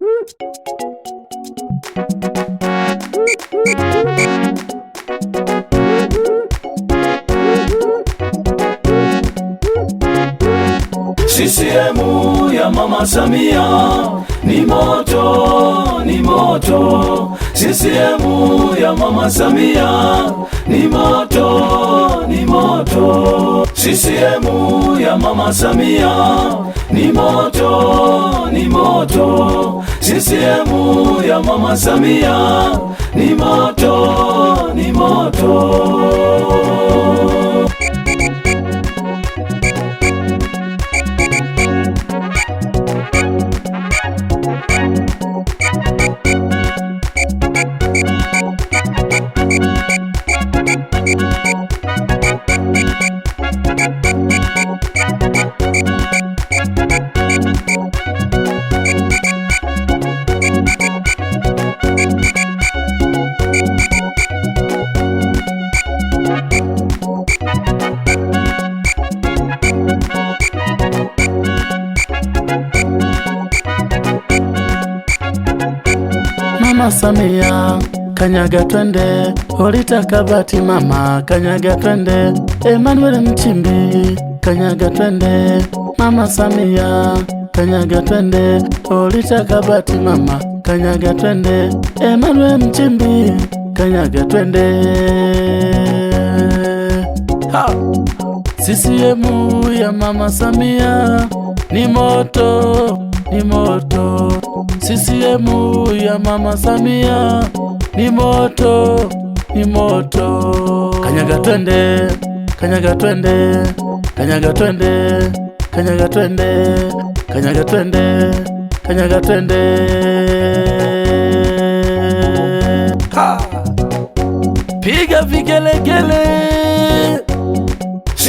CCM ya Mama Samia ni moto, ni moto. CCM ya Mama Samia ni moto, ni moto. CCM ya Mama Samia ni moto, ni moto. CCM ya Mama Samia ni moto, ni moto. Mama Samia, kanyaga twende. olita kabati mama, kanyaga twende. Emmanuel mchimbi kanyaga twende. Mama Samia, kanyaga twende. olita kabati mama, kanyaga twende. Emmanuel mchimbi kanyaga twende. Ha! CCM ya Mama Samia ni moto, ni moto CCM ya Mama Samia ni moto, ni moto. Kanyaga twende, kanyaga twende, kanyaga twende, kanyaga twende, kanyaga twende, kanyaga twende, piga vigelegele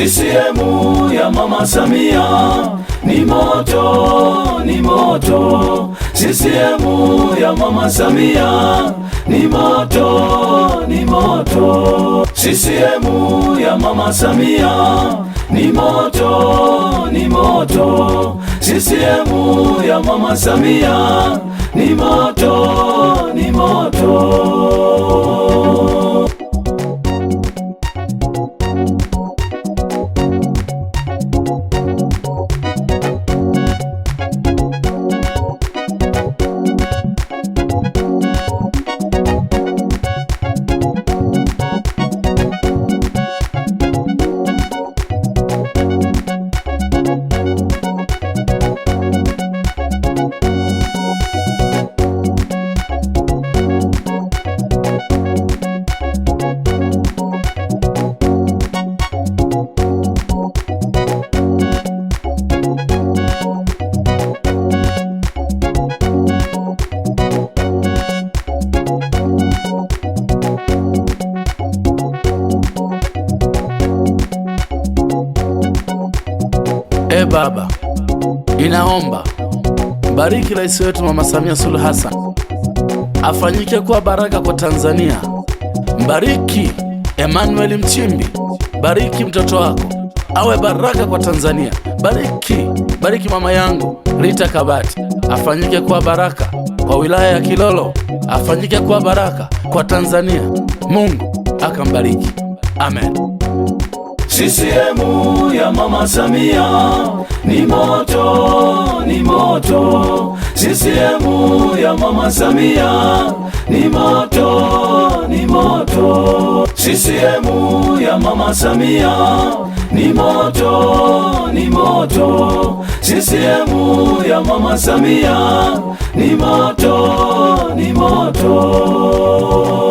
CCM ya Mama Samia ni moto, ni moto. CCM ya Mama Samia ni moto, ni moto. CCM ya Mama Samia ni moto, ni moto. CCM ya Mama Samia ni moto, ni moto. E Baba, ninaomba mbariki rais wetu Mama Samia Suluhu Hassan, afanyike kuwa baraka kwa Tanzania. Mbariki Emmanuel Mchimbi, bariki mtoto wako awe baraka kwa Tanzania. Bariki, bariki mama yangu Rita Kabati, afanyike kuwa baraka kwa wilaya ya Kilolo, afanyike kuwa baraka kwa Tanzania. Mungu akambariki, amen. CCM ya Mama Samia ni moto, ni moto. CCM ya Mama Samia ni moto, ni moto. CCM ya Mama Samia ni moto, ni moto. CCM ya Mama Samia ni moto, ni moto.